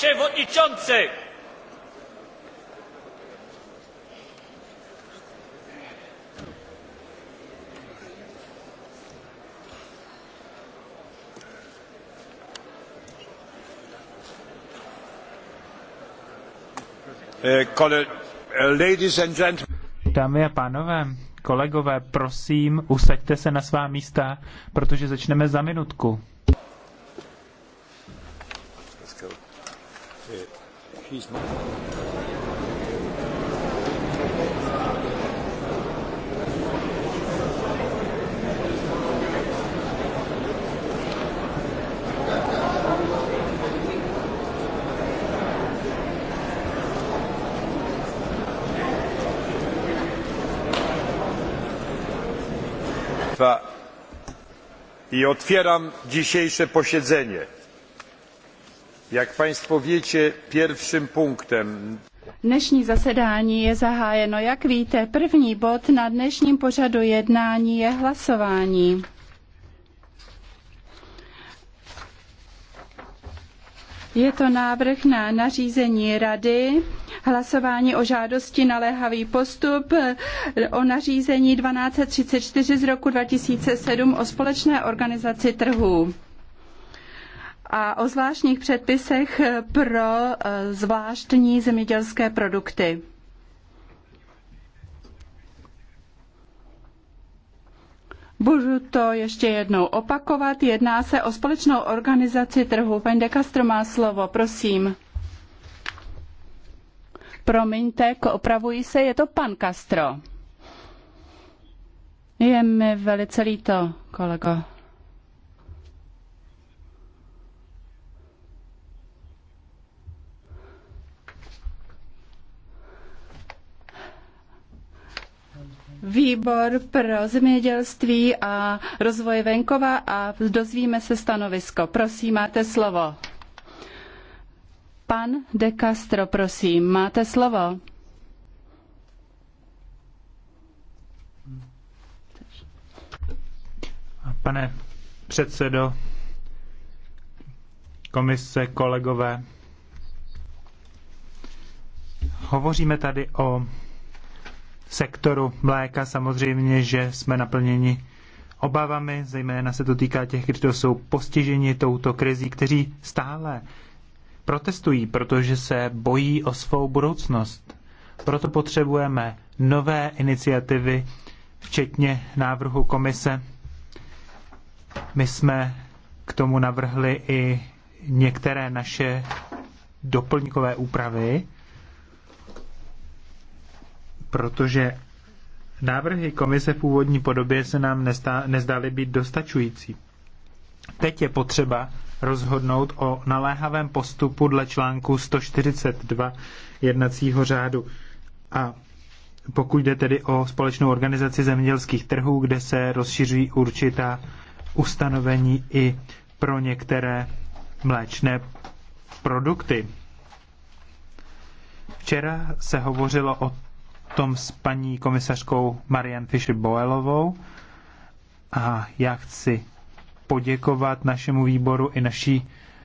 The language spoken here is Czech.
przewodniczący! E, e, Dámy a pánové, kolegové, prosím, usaďte se na svá místa, protože začneme za minutku. państwa i otwieram dzisiejsze posiedzenie. Jak Państwo wiecie, pierwszym punktem. Dnešní zasedání je zahájeno. Jak víte, první bod na dnešním pořadu jednání je hlasování. Je to návrh na nařízení rady, hlasování o žádosti na postup o nařízení 1234 z roku 2007 o společné organizaci trhů a o zvláštních předpisech pro eh, zvláštní zemědělské produkty. Budu to ještě jednou opakovat. Jedná se o společnou organizaci trhu. Paní de Castro má slovo, prosím. Promiňte, opravuji se, je to pan Castro. Je mi velice líto, kolego. výbor pro zemědělství a rozvoj venkova a dozvíme se stanovisko. Prosím, máte slovo. Pan De Castro, prosím, máte slovo. Pane předsedo, komise, kolegové, hovoříme tady o sektoru mléka samozřejmě, že jsme naplněni obavami, zejména se to týká těch, kteří jsou postiženi touto krizí, kteří stále protestují, protože se bojí o svou budoucnost. Proto potřebujeme nové iniciativy, včetně návrhu komise. My jsme k tomu navrhli i některé naše doplňkové úpravy, protože návrhy komise v původní podobě se nám nezdály být dostačující. Teď je potřeba rozhodnout o naléhavém postupu dle článku 142 jednacího řádu. A pokud jde tedy o společnou organizaci zemědělských trhů, kde se rozšiřují určitá ustanovení i pro některé mléčné produkty. Včera se hovořilo o tom s paní komisařkou Marian Fisher Boelovou a já chci poděkovat našemu výboru i naší